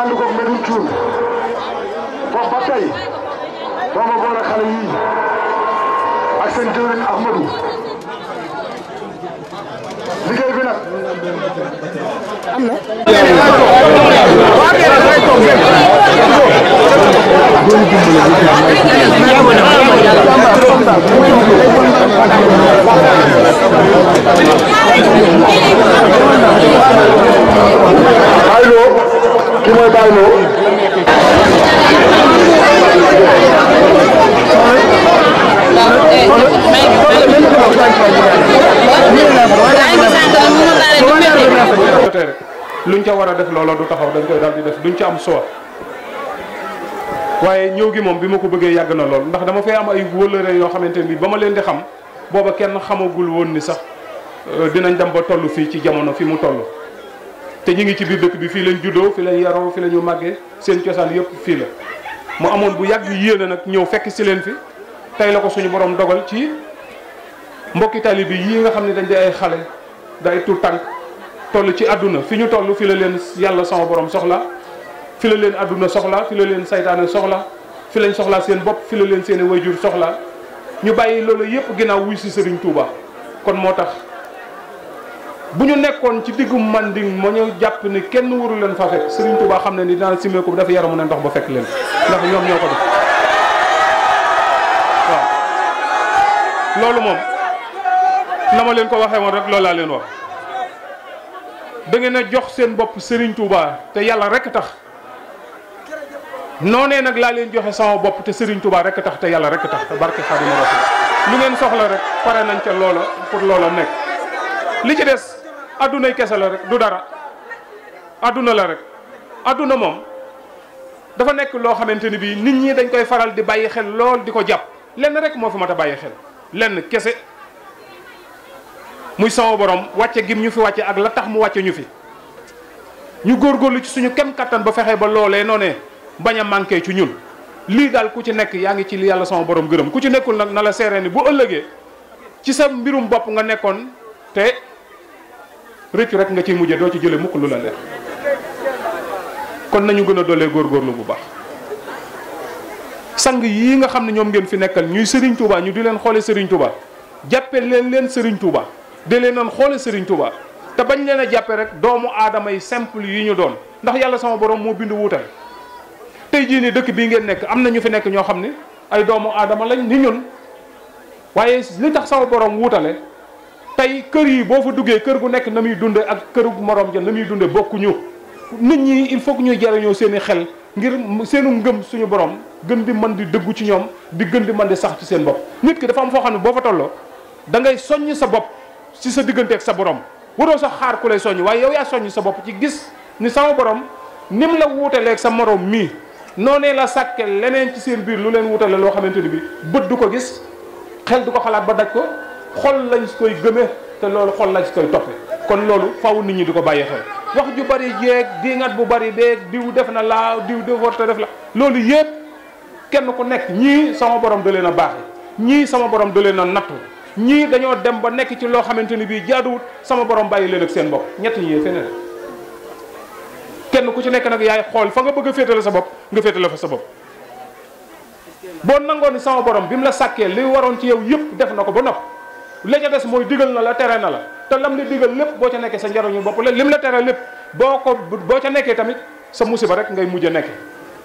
ànd koog Medoune Thioune foofu ba tey boo ma boole xale yii ak seen jëwriñ Ahmadou liggéey bi nag am na. Allô ki mooy bàyyiloo luñ ca war a def loola du taxaw dañ koy daal di def duñ ca am soo waaye ñëw gi moom bi ma ko bëggee yàgg na lool ndax dama fay am ay wóllëre yoo xamante ni ba ma leen di xam booba kenn xamagul woon ni sax euh, dinañ dem ba toll fii ci jamono fi mu toll te ñu ngi ci biir dëkk bi fii lañ juddoo fi lañ yaroo fi la ñu màggee seen cosaan yëpp fii la mu amoon bu yàgg yéene nag ñëw fekk si leen fi tey la ko suñu boroom dogal ci mbokki taalibe bi yii nga xam ne dañ di ay xale day tur tànk toll ci àdduna fi ñu toll fi la leen yàlla sama borom soxla fi la leen àdduna soxla fi la leen seytaane soxla fi lañ soxlaa seen bopp fi la leen seen i wayjur soxla ñu bàyyi loolu yëpp ginnaaw wuy si Sëriñ Tuuba kon moo tax bu ñu nekkoon ci diggu Manding ma ñu jàpp ni kenn warul leen fa fekk Serigne Touba xam ne ni daan simeeku bi dafa yaramu ne ndox ba fekk leen ndax ñoom ñoo ko def loolu moom na ma leen ko waxee woon rek loolu laa leen wax dangeen a jox seen bopp sëriñ Touba te yàlla rek tax noonee nag laa leen joxe sama bopp te Serigne Touba rek tax te yàlla rek tax te barke Xaadimu Rasuul lu ngeen soxla rek pare nañ ca loola pour loola nekk li ci des addunay kese la rek du dara adduna la rek adduna moom dafa nekk loo xamante ni bii nit ñi dañ koy faral di bàyyi xel lool di ko jàpp lenn rek moo fi mat a bàyyi xel lenn kese muy sama borom wàcce gim ñu fi wàcce ak la tax mu wàcce ñu fi ñu góor góorlu ci suñu kem kàttan ba fexe ba loolee noonee bañ a manqué ci ñun lii daal ku ci nekk yaa ngi ci li yàlla sama borom gërëm ku ci nekkul nag na la seeree ni bu ëllëgee ci sa mbirum bopp nga nekkoon rëccu rek nga ciy mujje doo ci jële mukk lu la leer kon nañu gën a doolee góorlu bu baax sang yii nga xam ne ñoom ngeen fi nekkal ñuy sëriñ Touba ñu di leen xoole sëriñ Touba jàppe leen leen sëriñ Touba de leen xoole Serigne Touba te bañ leen a jàppe rek doomu aadama yi simple yi ñu doon ndax yàlla sama boroom moo bind wuutale tey jii nii dëkk bii ngeen nekk am na ñu fi nekk ñoo xam ni ay doomu aadama lañ ni ñun waaye li tax sama borom wuutale tey kër yi boo fa duggee kër gu nekk na muy dunde ak këru morom ja na muy dunde bokkuñu nit ñi il faut ñuy jariñoo seen i xel ngir seenu ngëm suñu borom gën di mën di dëggu ci ñoom di gën di mën di sax ci seen bopp nit ki dafa am foo xam ne boo fa tolloo da ngay soññ sa bopp ci sa diggante ak sa borom waroo sax xaar ku lay soññ waaye yow yaa soññ sa bopp ci gis ni sama borom ni mu la wuutaleeg sa morom mii noonee la sàkke leneen ci seen biir lu leen wuutale loo xamante ni bi bët du ko gis xel ko xalaat ba daj ko xol lañ si koy gëmee te loolu xol lañ si koy toppe kon loolu faw nit ñi di ko bàyyi xel wax ju bari jeeg diingat bu bari beeg diw def na laa diw def warta def la loolu yëpp kenn ku nekk ñii sama borom da leen a baax ñii sama borom da leen a nattu ñii dañoo dem ba nekk ci loo xamante ni bii jaaduwut sama borom bàyyi leen seen bopp ñett ñi kenn ku ci nekk nag yaay xool fa nga bëgg a féetale sa bopp nga féetale fa sa bopp boo nangoon sama borom bi mu la sàkkee li waroon ci yow yëpp def na ko ba nopp la ca des mooy digal na la tere na la te lam li digal lépp boo ca nekkee sa njariñu bopp la lim la tere lépp boo ko boo ca nekkee tamit sa musiba rek ngay mujj a nekke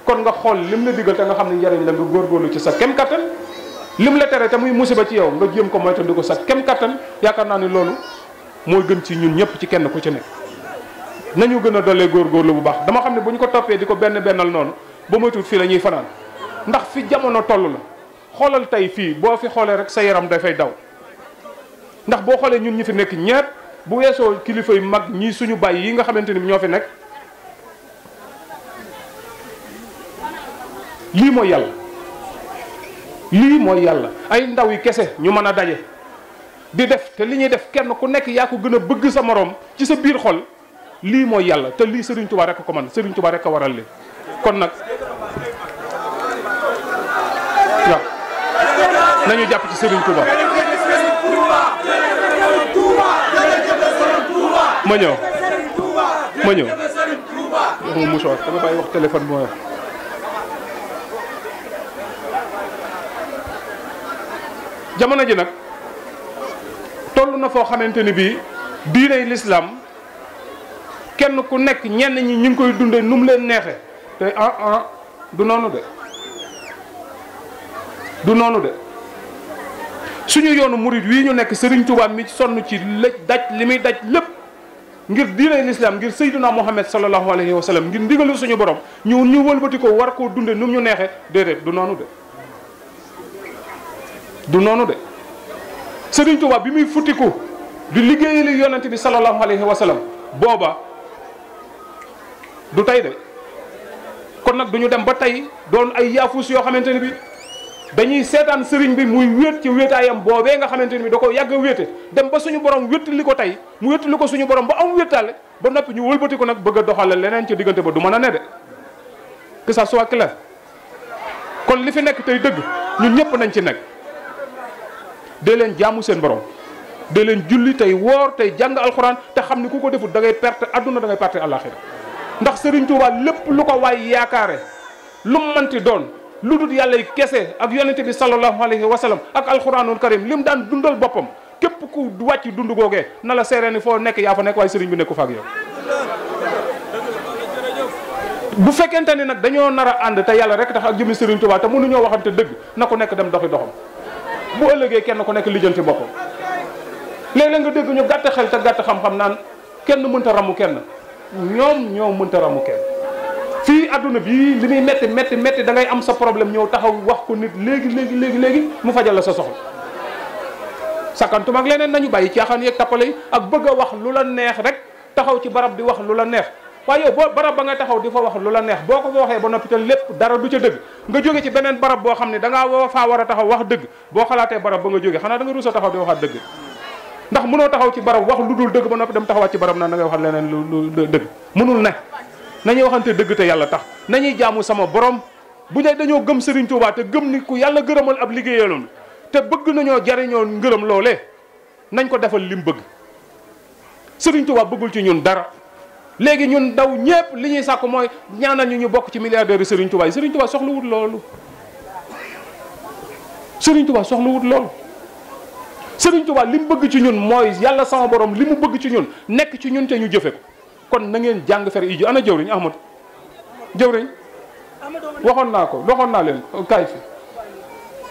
kon nga xool lim la digal te nga xam ne njariñ la nga góorgóorlu ci sa kem kattan lim la tere te muy musiba ci yow nga jëm ko moytandiku ko sa kem kattan yaakaar naa ni loolu mooy gën ci ñun ñëpp ci kenn ku ci nekk nañu gën a góor góorgóorlu bu baax dama xam ne bu ñu ko toppee di ko benn bennal noonu ba moytuwul fii la ñuy fanaan ndax fi jamono toll la xoolal tey fii boo fi xoolee rek sa yaram dafay daw ndax boo xoolee ñun ñi fi nekk ñepp bu weesoo kilifa yu mag ñii suñu bàyyi yi nga xamante ni ñoo fi nekk lii mooy yàlla lii mooy yàlla ay ndaw yi kese ñu mën a daje di def te li ñuy def kenn ku nekk yaa ko gën a bëgg sa moroom ci sa biir xol lii mooy yàlla te lii Serigne Touba rek ko man Serigne Touba rek ko waral li kon nag waaw nañu jàpp ci Serigne Touba. ma ñëw ma ñëw ma wax téléphone moo yor ji nag toll na foo xamante ni bii diiney lislaam kenn ku nekk ñenn ñi ñu ngi koy dundee nu mu leen neexe te ah ah du noonu de du noonu de suñu yoonu murit wii ñu nekk sëriñ Touba mi sonn ci lëj daj li muy daj lépp ngir diinay lislaam ngir sayduna muhammad sallallahu alayhi wa sallam ngir ndigalu suñu borom ñëw ñu wëlbati ko war ko dunde nu ñu neexee déedéet du noonu de du noonu de sëriñ tubaab bi muy futtiku di liggéeyali yonent bi sallallahu alayhi wa booba du tey de kon nag du dem ba tey doon ay yaafus yoo xamante ne bi dañuy seetaan sëriñ bi muy wéet ci wéetaayam boobee nga xamante ni bi da ko yàgg a wéete dem ba suñu borom wéttali ko tey mu wéttali ko suñu borom ba am wéttaale ba noppi ñu wëlbati ko nag bëgg a doxale leneen ci diggante ba du mën a ne de que ça soit clair kon li fi nekk tey dëgg ñun ñëpp nañ ci nekk dee leen jàmmu seen borom dee leen julli tey woor tey jàng alxuraan te xam ne ku ko deful da ngay perte àdduna da ngay perte àllaaxira ndax sëriñ Tuubaa lépp lu ko waay yaakaare lu mu mënti doon lu dul yàlla yi kese ak yonente bi sallallahu alayhi wa sallam ak alxuraanul karim lim daan dundal boppam képp ku wàcc dund googee na la seeree foo nekk yaa fa nekk waaye sëriñ bi nekku fa ak yow. bu fekkente ni nag dañoo nar a ànd te yàlla rek tax ak jëmi sëriñ Tuubaa te mënuñoo waxante dëgg na ku nekk dem doxi doxam bu ëllëgee kenn ku nekk lijjanti boppam. léeg-léeg nga dégg ñu gàtt xel te gàtt xam-xam naan kenn mënta ramu kenn ñoom ñoo mënta ramu fi aduna bi limi metti metti metti da ngay am sa problème ñëw taxaw wax ko nit léegi léegi léegi léegi mu fajal la sa soxla sakantuma ak leneen nañu bayyi ci yeeg tappale tapale ak bëgg wax lu la neex rek taxaw ci barab di wax lu la neex waaye yow boo barab ba nga taxaw di fa wax lu la neex boko waxe bo nopi ba te lépp dara du ci deug nga joge ci benen barab bo xamni da nga wo fa wara taxaw wax deug bo xalaté barab ba nga joge xana da nga rus taxaw di waxaat deug ndax mëno taxaw ci barab wax lu deug bo nopi dem taxaw ci barab na nga ngay leneen lu deug mënul ne nañuy waxante dëgg te yàlla tax nañuy jaamu sama borom bu ñu dañoo gëm Serigne Touba te gëm ni ku yàlla gërëmal ab liggéeyaloon te bëgg nañoo jariñoo ngërëm loole nañ ko defal lim bëgg sëriñ Touba bëggul ci ñun dara. léegi ñun ndaw ñëpp li ñuy sàkk mooy ñaanal ñu ñu bokk ci milliardaire yi Serigne Touba soxla wut loolu Serigne Touba soxla wut loolu. Serigne Touba li mu bëgg ci ñun mooy yàlla sama borom li mu bëgg ci ñun nekk ci ñun te ñu jëfe ko. kon na ngeen jàng fer ijo ana jëwriñ Ahmad jëwriñ waxoon naa ko waxoon naa leen kaay fi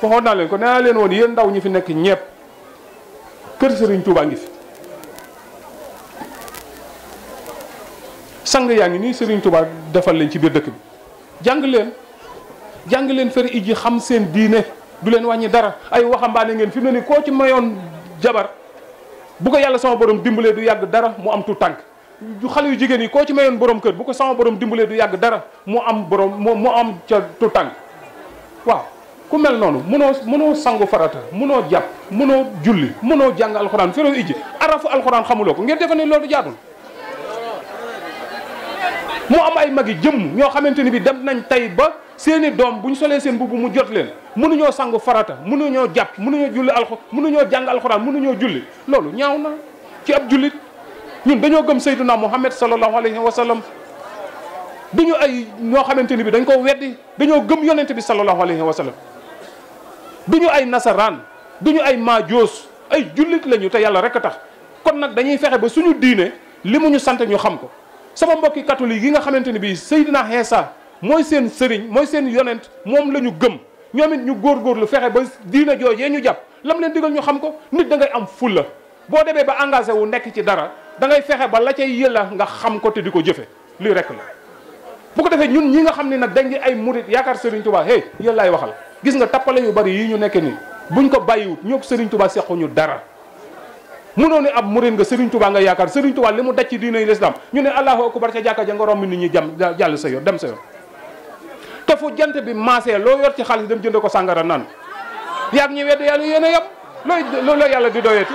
waxoon naa leen ko nee leen woon yéen ndaw ñi fi nekk ñepp kër Serigne Touba ngi fi sang yaa ngi nii Serigne Touba defal leen ci biir dëkk bi jàng leen jàng leen fer iji xam seen diine du leen wàññi dara ay waxambaane ngeen fi mu ne ni koo ci mayoon jabar bu ko yàlla sama borom dimbalee du yàgg dara mu am tu tànk xale yu jigéen yi koo ci mayoon borom kër bu ko sama borom dimbalee du yàgg dara mu am boroom mu mu am ca tu tàng waaw ku mel noonu mënoo mënoo sangu farata mënoo jàpp mënoo julli mënoo jàng alxuraan feroo ijji arafu xamuloo ko ngeen defe loolu jaadul mu am ay mag jëmm ñoo xamante ni bi dem nañ tey ba seeni doom bu solee seen mbubb mu jot leen mënuñoo sangu farata mënuñoo jàpp mënuñoo julli alxu mënuñoo jàng alxuraan mënuñoo julli loolu ñaaw na ci ab jullit ñun dañoo gëm Seydina Muhammad sallallahu alayhi wa sallam ñu ay ñoo xamante ni bi dañ ko weddi dañoo gëm yonent bi sallallahu alayhi wa sallam duñu ay nasaraan duñu ay maajoos ay jullit lañu te yàlla rek a tax kon nag dañuy fexe ba suñu diine li mu ñu sant ñu xam ko sama mbokki catholique yi nga xamante ni bii Seydina Heesa mooy seen sëriñ mooy seen yonent moom la ñu gëm ñu góor góor lu fexe ba diine joojee ñu jàpp lam leen digal ñu xam ko nit da ngay am fulla boo demee ba engagé wu nekk ci dara da ngay fexe ba la cay yëlla nga xam ko te di ko jëfe lii rek la bu ko defee ñun ñi nga xam ne nag dañ di ay murit yaakaar Serigne Touba hey yàlla laay waxal gis nga tappale yu bari yi ñu nekk nii buñ ko bàyyiwut ñoo Serigne Touba sequñu dara mënoo ne ab murit nga Serigne Touba nga yaakaar Serigne Touba li mu daj ci diine l'islam ñu ne allahu akbar ca jàkka ja nga romb nit ñi jam jàll sa yoon dem sa yoon te fu jant bi maasee loo yor ci xaalis dem jënd ko sàngara naan yaag a yem looy loolu yàlla di doyeeti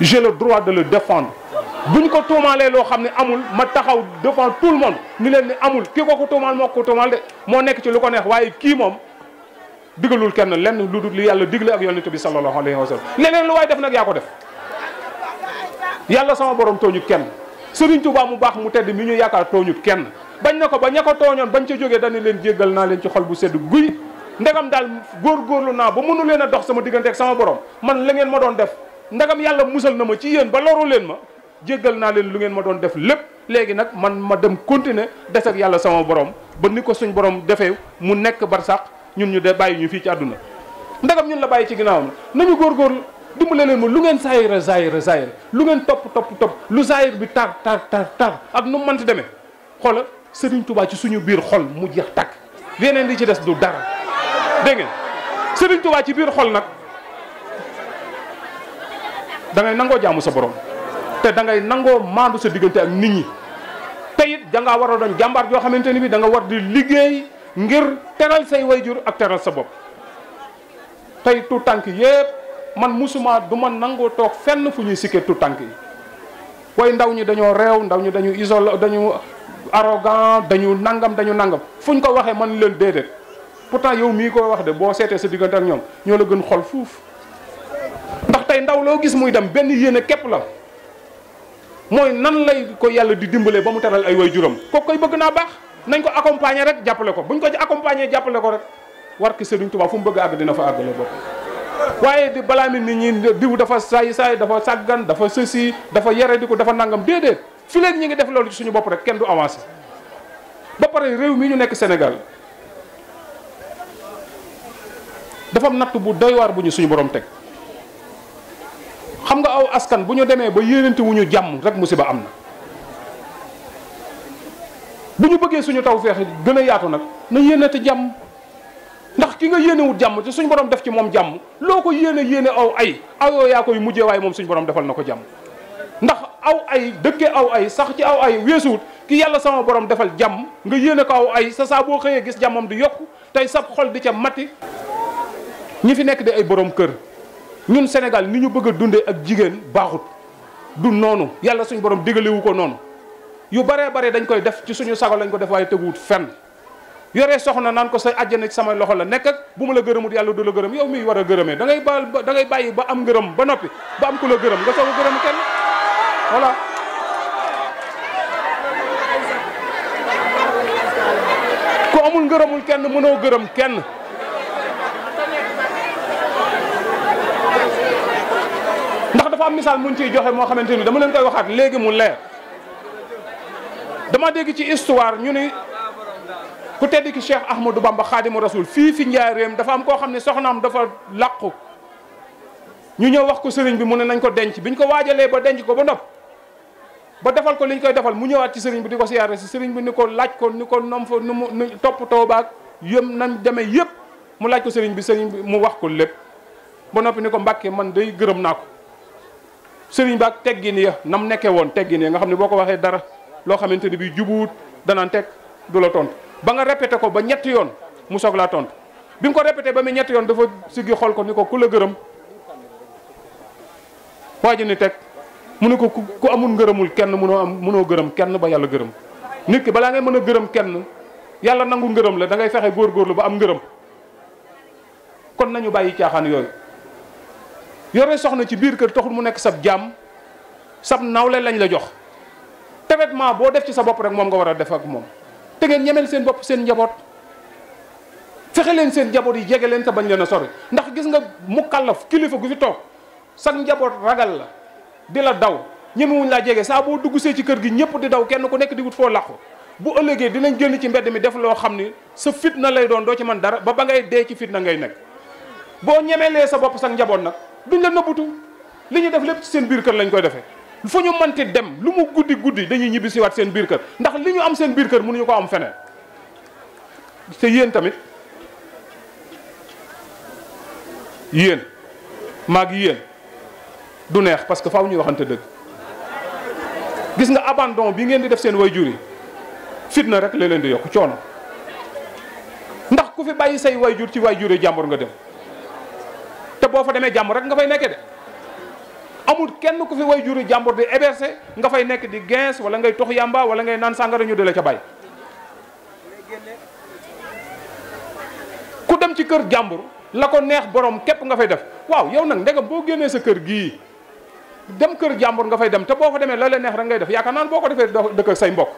j'ai le droit de le défendre bu ñu ko tuumaalee lo xamné amul ma taxaw devant tout le monde ni len ni amul Kiko ko ko moko moo de mo nek ci lu ko neex waye ki mom digalul kenn len luddul li yalla digle ak yonent bi sallalahu alayhi wa sallam leneen lu way def nak yaa ko def yalla sama borom toñu kenn Serigne Touba mu bax mu tedd mi ñu yaakaar tooñut kenn bañ nako ko ba ña ko bañ ci jógee dañ len jéggal na len ci xol bu sedd guuy ndegam gor lu na ba mënu leen a dox sama digënté ak sama borom man la ngeen ma doon def ndagam yàlla musal na ma ci yéen ba loru leen ma jéggal naa leen lu ngeen ma doon def lépp léegi nag man ma dem continuer des ak yàlla sama borom ba ni ko suñ borom defee mu nekk barsax ñun ñu de bàyyi ñu fii ci àdduna ndagam ñun la bàyyi ci ginnaawam nañu góorgóorlu dimbale leen ma lu ngeen saayira saayira saayira lu ngeen topp topp topp lu saayir bi tar tar tar tar ak nu mu mënti demee xoola Serigne Touba ci suñu biir xol mu jeex takk yeneen di ci des du dara dégg ci biir xol nag. da ngay nango jaamu sa borom te da ngay nango mandu sa diggante ak nit ñi te it da nga war doon jambar jo xamanteni bi da nga war di liggéey ngir teral say wayjur ak teral sa bop tay tu tank yépp man musuma du ma nangoo tok fenn fu ñuy sikkee tu tank yi way ndaw ñi dañoo réew ndaw ñi dañoo isole nanggam. arrogant dañu nangam dañu nangam fuñ ko waxee man leen déedéet pourtant yow mi ko wax de bo sété sa diggante ak ñom ñoo la gën xol tay ndaw logis gis muy dem ben yene kep la moy nan lay ko yalla di dimbalé ba mu teral ay way juram ko koy bëgg na bax nañ ko accompagner rek jappalé ko buñ ko ci accompagner jappalé ko rek war ki serigne touba fu mu bëgg ag dina fa agalé waye di balami mi nit ñi diw dafa say say dafa saggan dafa ceci dafa yare di ko dafa nangam dédé fi leen ñi ngi def loolu ci suñu bop rek kenn du avancer ba paré réew mi ñu nekk Sénégal dafa am nattu bu doy war buñu suñu borom tek xam nga aw askan bu ñu demee ba yéenante wu jàmm rek musiba am na bu ñu bëggee suñu taw feex gën a yaatu nag na yéenate jàmm ndax ki nga yéenewut jàmm te suñ borom def ci moom jàmm loo ko yéene yéene aw ay awoo yaa koy mujjee waaye moom suñu borom defal na ko jàmm ndax aw ay dëkkee aw ay sax ci aw ay weesuwut ki yàlla sama borom defal jàmm nga yéene ko aw ay sa saa xëyee gis jàmmam di yokk tey sab xol di ca matti ñi fi nekk di ay boroom kër ñun senegal ni ñu bëgg a dundee ak jigéen baaxut du noonu yàlla suñu borom digalewu ko noonu yu baree bare dañ koy def ci suñu sago lañ ko def waaye teguwut fenn yoree soxna naan ko sa àjjana ci sama loxo la nekk ak bu ma la gërëmut yàlla du la gërëm yow miy war a gërëmee da ngay ba da bàyyi ba am ngërëm ba noppi ba am ku la gërëm nga soog a gërëm kenn voilà ku amul ngërëmul kenn mënoo gërëm kenn dafa am misal muñ ci joxe mo xamanteni dama len koy waxat léegi mu leer dama deg ci histoire ñu ni ku tedd ki Cheikh Ahmadou Bamba khadim rasoul fi fi rem dafa am ko xamni soxnam dafa laqku ñu ñëw wax ko serigne bi mu ne nañ ko denc biñ ko wajale ba denc ko ba nopp ba defal ko liñ koy defal mu ñewat ci serigne bi diko ko ci serigne bi ni ko laaj ko ni ko nom fo nu top toba ak yëm nañ démé yëpp mu laaj ko serigne bi serigne bi mu wax ko lépp ba noppi ni ko mbàkkee man day gëreum nako sëriñ bak teggini ya nam nekkee won teggini ya. nga xamni boko boo dara lo xamanteni ni jubut jubuut danaan teg du la tont ba nga répété ko ba ñett yoon mu sok la tont bi nga ko répété ba mi ñett yoon dafa sigi xol ko niko kula ku waji ni tek mu ne ko ku amul ngërëmul kenn munoo am munoo gërëm kenn ba yalla gërëm nit ki bala ngay mën a kenn yalla nangul la da ngay gor góorgóorlu ba am ngërëm kon nañu bayyi caaxaan yoy yore soxna ci biir kër taxul mu nekk sab jàmm sab nawle lañ la jox traitement boo def ci sa bopp rek moom nga war a def ak moom te ngeen ñemel seen bopp seen njaboot fexe leen seen njaboot yi jege leen sa bañ leen a sori ndax gis nga mu kàllaf kilifa gu fi toog sag njaboot ragal la di la daw ñemewuñ laa jege saa boo dugg see ci kër gi ñëpp di daw kenn ku nekk di wut foo làqu bu ëllëgee dinañ génn ci mbedd mi def loo xam ni sa na lay doon doo ci mën dara ba ba ngay dee ci fitna ngay nekk boo ñemelee sa bopp sag njaboot nag duñ la nëbbutu li ñuy def lépp ci seen biir kër lañ koy defee fu ñu mënti dem lu mu guddi guddi dañuy ñibbi siwaat seen biir kër ndax li ñu am seen biir kër mu ñu ko am feneen te yéen tamit yéen maag yéen du neex parce que faaw ñuy waxante dëgg gis nga abandon bi ngeen di def seen wayjur yi fitna rek la di yokk coono ndax ku fi bàyyi say wayjur ci wayjur yi jàmbur nga dem te boo fa demee jàmm rek nga fay nekkee de amul kenn ku fi way juri jàmbur di héberger nga fay nekk di gens wala ngay tox yàmba wala ngay naan sàngara ñu dale ca bàyyi ku dem ci kër jàmbur la ko neex borom képp nga fay def waaw yow nag ndegam boo génnee sa kër gii dem kër jàmbur nga fay dem te boo ko demee la la neex rek ngay def yaakaar naan boo ko defee dëkk ak say mbokk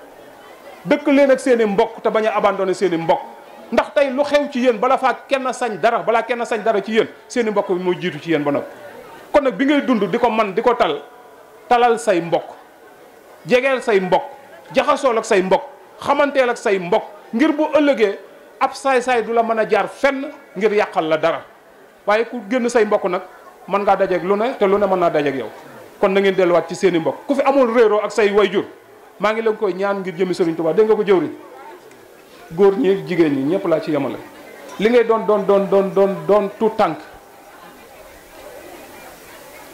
dëkk leen ak seen i mbokk te bañ a abandonné seen i mbokk ndax tay lu xew ci yeen bala faa kenn sañ dara bala kenn sañ dara ci yeen seen mbokk mo jitu ci yeen ba kon nak bi ngay dund diko man diko tal talal say mbokk jegeel say mbokk jaxasool ak say mbokk xamantel ak say mbokk ngir bu ëllëgee ab say say dula la jaar fenn ngir yakal la dara waye ku genn say mbokk man nga ngaa ak lu ne te lu ne mën naa ak yow kon na ngeen wat ci seen mbokk ku fi amul reero ak say wayjur ma ngi leen koy ñaan ngir jëmi serigne touba de nga ko jëwri góor ñi jigéen ñi ñëpp la ci don li ngay don don don don don don tout tank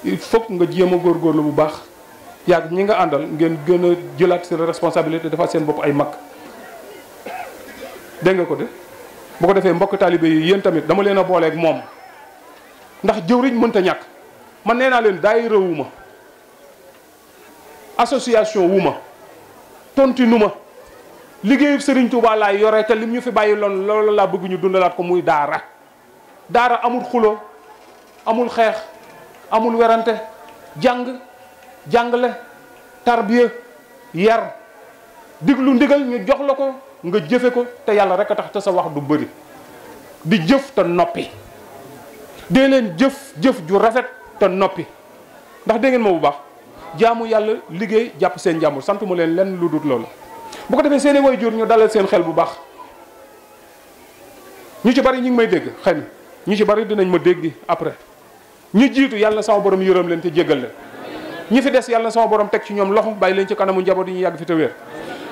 il faut nga jéem a lu bu baax yàgg ñi nga andal ngeen gëna jëlat ci responsabilité dafa seen bop ay mak de nga ko de bu ko defé mbokk talibé yi yeen tamit dama leena don ak mom ndax jëwriñ mënta ñak man nee leen day wu association wuma tontinuma liggéeyub Serigne Touba lay yore te lim ñu fi bàyyi loon loolu la bëgg ñu dundalat ko muy daara daara amul xulo amul xex amul werante jang jàngale tarbiya yar diglu ndigal ñu jox la ko nga jëfé ko té yalla rek tax te sa wax du bëri di jëf te nopi de len jëf jëf ju rafet te nopi ndax de ngeen mo bu baax jaamu yalla liggéey japp seen jaamu sant mu len len bu ko defee seeni woy jur ñu daleel seen xel bu baax ñu ci bari ñu ngi may dégg xëy na ñu ci bari dinañ ma dégg après ñu jiitu yàlla na sama borom yërëm leen te jéggal leen ñu fi des yàlla na sama borom teg ci ñoom loxo bàyyi leen ci kanamu njaboot yi ñu yàgg fi te wér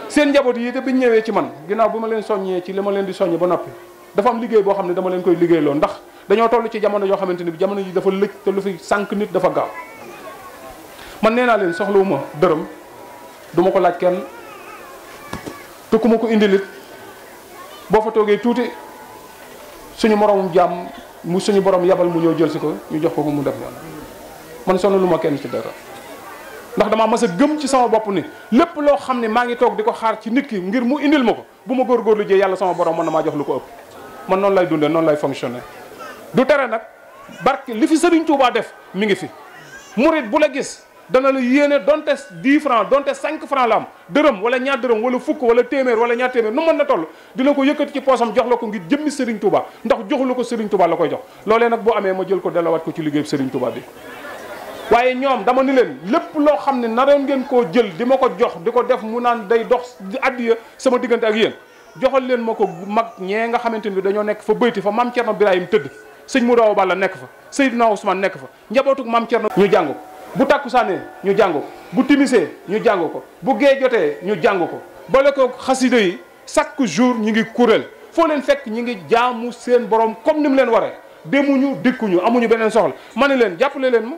seen njaboot yi te biñ ñëwee ci man ginnaaw bu ma leen soññee ci li ma leen di soññ ba noppi dafa am liggéey boo xam ne dama leen koy liggéey loolu ndax dañoo toll ci jamono joo xamante ni bi jamono ji dafa lëj te lu fi sànq nit dafa gaaw man naa leen soxlawuma dërëm duma ko laaj te ku ma ko indilit boo fa toogee tuuti suñu moromum jàmm mu suñu borom yabal mu ñëw jël si ko ñu jox ko ko mu def loolu man sonn lu ma kenn ci dara ndax damaa mas a gëm ci sama bopp ni lépp loo xam ne maa ngi toog di ko xaar ci nit ki ngir mu indil ma ko bu ma góorgóorlu jee yàlla sama borom mën na maa jox lu ko ëpp man noonu lay dundee noonu lay fonctionner du tere nag barke li fi Sëriñ Tuubaa def mi ngi fi murit bu la gis dana la yéene donte 10 francs donte 5 francs la am dërëm wala ñaar dërëm wala fukk wala téeméer wala ñaar téeméer nu mën na toll dina ko yëkkati ci poosam jox la ko ngir jëmmi Serigne Touba ndax joxu la ko Serigne Touba la jox loolee nag boo amee ma ko dalawaat ko ci liggéey Serigne Touba bi waaye ñoom dama ni leen lépp loo xam ne na naroon ngeen koo jël di ma ko jox di ko def mu naan day dox addiya sama diggante ak yéen joxal leen ma ko mag ñee nga xamante ni dañoo nekk fa bëyti fa maam Cerno Birahim tëdd sëñ Mourao Balla nekk fa Seydina Ousmane nekk fa njabootuk maam Cerno ñu jàng ko bu takku takkusaanee ñu jàng ko bu timisee ñu jàng ko bu gee jotee ñu jàng ko boole ko xasida yi chaque jour ñu ngi kuréel foo leen fekk ñi ngi jaamu seen borom comme ni mu leen waree demuñu dikkuñu amuñu beneen soxla ma ne leen jàppale leen ma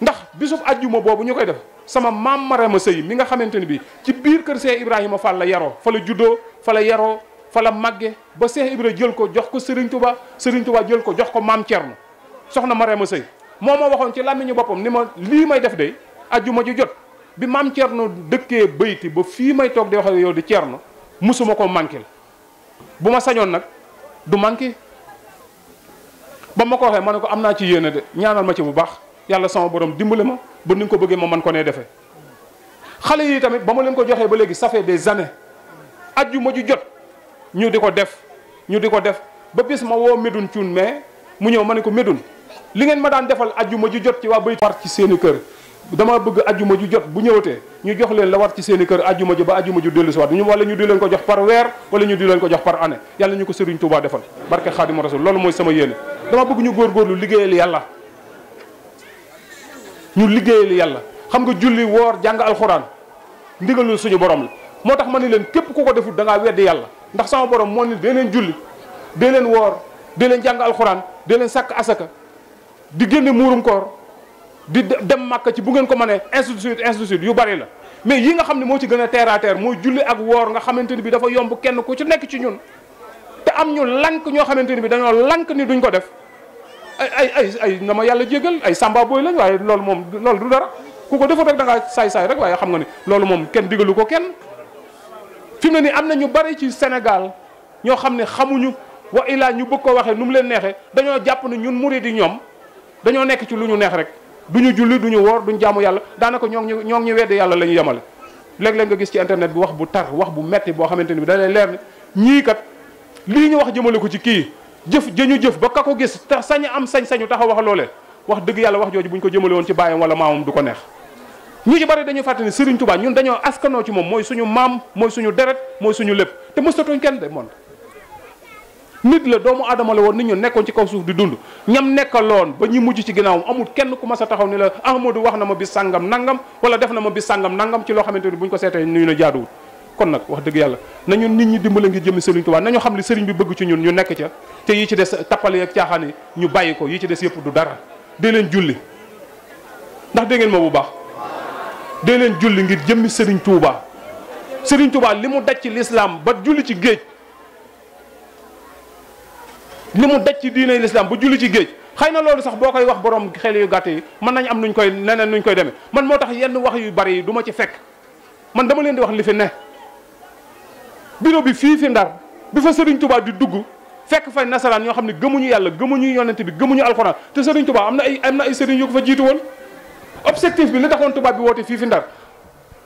ndax bisuf ajjuma boobu ñu koy def sama maam Marama Sëy mi nga xamante ni bi ci biir kër Cheikh Ibrahima Fall la yaroo fa la juddoo fa la yaroo fa la màgge ba Cheikh Ibrahima jël ko jox ko Serigne Touba Serigne Touba jël ko jox ko maam Thierno soxna Marama Sëy moo ma waxoon ci làmmiñu boppam ni ma lii may def de ajjuma ju jot bi maam Thierno dëkkee bayti ba fii may toog di wax yow di Thierno musuma ko manqué bu ma sañoon nag du manqué ba ma ko waxee ma ne ko am naa ci yéene de ñaanal ma ci bu baax yàlla sama borom dimbali ma ba ni nga ko bëggee ma man ko nee defee. xale yi tamit ba ma leen ko joxee ba léegi ça fait des années ajjuma ju jot ñu di ko def ñu di ko def ba bis ma woo Médoune Thioune mais mu ñëw ma ne ko Médoune li ngeen ma daan defal aljuma ju jot ci wa bay war ci seen keur dama bëgg aljuma ju jot bu ñëwote ñu jox leen la war ci seen keur aljuma ju ba aljuma ju delu si ñu wala ñu di leen ko jox par wër wala ñu di leen ko jox par ané yalla ñu ko serigne Touba defal barke khadim rasul loolu moy sama yene dama bëgg ñu góorgóorlu liggéeyal yalla ñu liggéeyal yalla xam nga julli wor jang alxuraan ndigalul suñu borom la motax man leen kep ku ko deful da nga wedd yalla ndax sama borom mo ni de leen julli de leen wor de leen jang de leen sak asaka di génne muurum koor di dem màkk ci bu ngeen ko mënee ainsi de suite yu bari la mais yi nga xam ne moo ci gën a terre à terre mooy julli ak woor nga xamante ni bi dafa yomb kenn ku ci nekk ci ñun te am ñu lank ñoo xamante ni bi dañoo lank ni duñ ko def ay ay ay na yàlla jégal ay samba booy lañ waaye loolu moom loolu du dara ku ko defut rek da ngaa saay-saay xam nga ni loolu moom kenn digalu ko kenn fi mu ne am na ñu bari ci Sénégal ñoo xam ne xamuñu wax illaa ñu bëgg ko waxee nu mu leen neexee dañoo jàpp na ñun murid yi ñoom dañoo nekk ci lu ñu neex rek du ñu julli du ñu woor duñu jàmm yàlla daanaka ñoo ngi ñu ñoo ngi ñu weddi yàlla la ñu yemale léeg-léeg nga gis ci internet bi wax bu tar wax bu metti boo xamante ni bi da lay leer ni ñii kat lii ñu wax jëmale ko ci kii jëf jëñu jëf ba ka ko gis te sañ am sañ-sañu taxaw wax loole wax dëgg yàlla wax jooju bu ñu ko jëmale woon ci baayam wala maamam du ko neex ñu ci bari dañuy fàttali ne Serigne Touba ñun dañoo askanoo ci moom mooy suñu maam mooy suñu deret mooy suñu lépp te mësatuñ kenn de moom nit la doomu aadama la woon nit ñu nekkoon ci kaw suuf di dund ñam nekkaloon ba ñi mujj ci ginnaawam amul kenn ku mas a taxaw ni la Ahmadou wax na ma bi sàngam nangam wala def na ma bi sàngam nangam ci loo xamante ni buñ ko seetee nuyu na jaaduwul kon nag wax dëgg yàlla nañu nit ñi dimbale ngir jëmi Serigne Touba nañu xam li Serigne bi bëgg ci ñun ñu nekk ca te yi ci des tappale ak caaxaan yi ñu bàyyi ko yi ci des yëpp du dara dee leen julli ndax dégg ngeen ma bu baax dee leen julli ngir jëmmi Serigne tuubaa Serigne Touba li mu daj ci lislaam ba julli ci géej li mu daj ci diine l'islam bu julli ci géej xëy na loolu sax boo koy wax borom xel yu gàtt yi mën nañ am nuñ koy neneen nuñ koy demee man moo tax yenn wax yu bari yi du ci fekk man dama leen di wax li fi ne bureau bi fii fi ndar bi fa sëriñ Touba di dugg fekk fay nasaraan ñoo xam ne gëmuñu yàlla gëmuñu yonent bi gëmuñu alxuraan te Serigne Touba am na ay am na ay Serigne yu ko fa jiitu woon objectif bi li taxoon tubaab bi woote fii fi ndar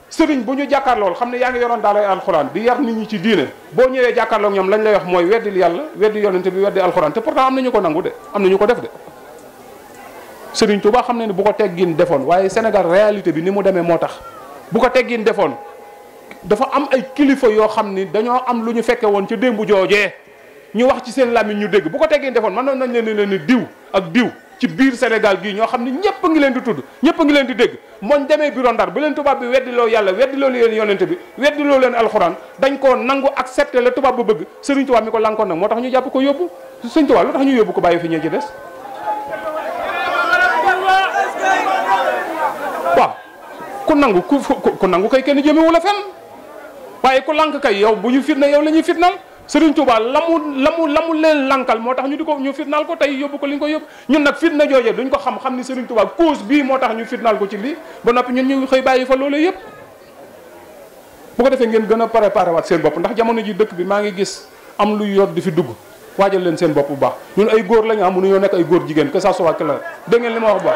sëriñ bu ñu jàkkaarlool xam ne yaa ngi yoroon daalay alxuraan di yar nit ñi ci diine boo ñëwee jàkkaarloog ñoom lañ lay wax mooy weddil yàlla weddi yonente bi weddi alxuraan te pourtant am na ñu ko nangu de am na ñu ko def de sëriñ Tuubaa xam ne ne bu ko teggin defoon waaye Sénégal réalité bi ni mu demee moo tax bu ko teggin defoon dafa am ay kilifa yoo xam ni dañoo am lu ñu fekke woon ca démb joojee ñu wax ci seen làmmiñ ñu dégg bu ko teggin defoon mën nañ leen ne diw ak diw ci biir Sénégal gii ñoo xam ne ñëpp ngi leen di tudd ñëpp ngi leen di dégg moo demee bureau Ndar bu leen tubaab bi weddiloo yàlla weddiloo leen yonent bi weddiloo leen alxuraan dañ koo nangu accepté la tubaab ba bëgg Serigne Touba mi ko lankoon nag moo tax ñu jàpp ko yóbbu Serigne Touba lu tax ñu yóbbu ko bàyyi fi ñee ci des waaw ku nangu ku ku nangu kay kenn jëmewu la fenn waaye ku lank kay yow bu ñu fitna yow la fitnal serigne touba lamu lamu lamu len lankal motax ñu diko ñu fitnal ko tay yobuko ko liñ ko yob ñun nak fitna jojje duñ ko xam xam ni serigne touba cause bi motax ñu fitnal ko ci li ba nopi ñun ñu xey bayyi fa lolé yépp bu ko defé ngeen gëna préparer wat seen bop ndax jamono ji dëkk bi ma ngi gis am lu yor di fi dugg wajal len seen bop bu baax ñun ay goor ñu nek ay goor jigen que ça soit la de ngeen lima wax ba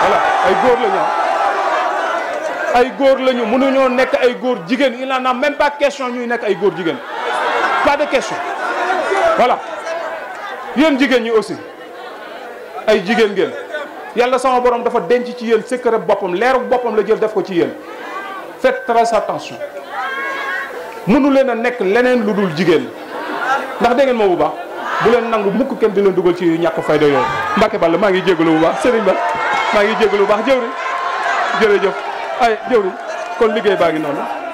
voilà ay goor am ay góor lañu mënuñoo nekk ay góor jigéen il n'en a même pas question ñuy nekk ay góor jigéen pas de question voilà yéen jigéen ñi aussi ay jigéen ngeen yàlla sama borom dafa denc ci yéen secret boppam leeru boppam la jël def ko ci yéen faites très attention mënu leen a nekk leneen lu dul jigéen ndax dégg ngeen moo bu baax bu leen nangu mukk kenn di leen dugal ci ñàkk fayda yooyu Mbacke Balla maa ngi jégalu bu baax Serigne Ba maa ngi jégalu bu baax jëwri jërëjëf ay jëwriñ kon liggéey baa ngi noonu